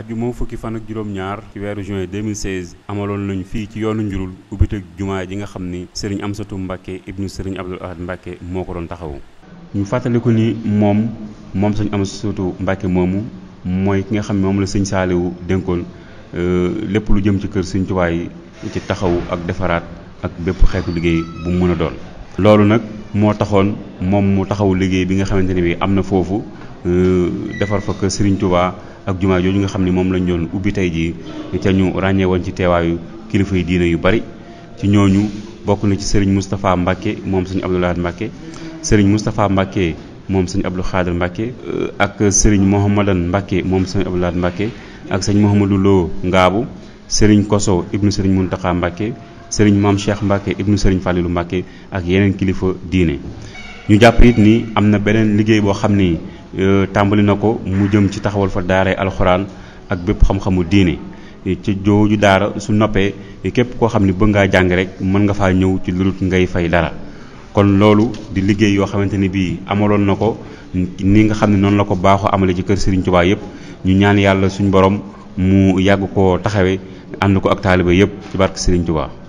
ajjuma fukki fan ak juróom-ñaar ci weeru juin 2016 amaloon nañ fii ci yoonu njurul ubbiteg jumaa ji nga xam ni sëriñ Amsatu Mbàkke ibnu sëriñ Abdul Ahad Mbàkke moo ko doon taxawu ñu fàttaliku ni moom moom sëñ Amsatu Mbàkke moomu mooy ki nga xam ne moom la sëñ Saaliwu dénkoon euh, lépp lu jëm ci kër sëñ Tuubaa yi ci taxawu ak defaraat ak bépp xeetu liggéey bu mu mën a doon loolu nag moo taxoon moom mu taxawu liggéey bi nga xamante ne bi am na foofu euh, defar fa kër Serigne Touba ak jumaa jooju nga xam ne moom lañu doon ubbi tey jii ca ñu ràññee woon ci teewaayu kilifa yi diina yu bari ci ñooñu bokk na ci Serigne Moustapha Mbacke moom Serigne Abdou Lahad Mbacke euh, Serigne Moustapha Mbacke moom Serigne Abdou Khader Mbacke ak Serigne Mouhamadan Mbacke moom Serigne Abdou Lahad Mbacke ak Serigne Mouhamadou Lo Ngaabu Serigne Koso ibnu Serigne Mountakha Mbacke sëriñ maam Cheikh Mbacke ibnu sëriñ Fallilou Mbacke ak yeneen kilifa diine. ñu jàpp it ni am na beneen liggéey boo xam ni euh, tàmbali na ko mu jëm ci taxawal fa daare alxuraan ak bépp xam-xamu diine ci jooju daara su noppee képp koo xam ni bëgg ngaa jàng rek mën nga faa ñëw ci lu ngay fay dara. kon loolu di liggéey yoo xamante ni bii amaloon na ko ni nga xam ne noonu la ko baaxoo amale ci kër Serigne Touba yëpp ñu ñaan yàlla suñ borom mu yàgg koo taxawee ànd ko ak taaliba yëpp ci barke Serigne Touba.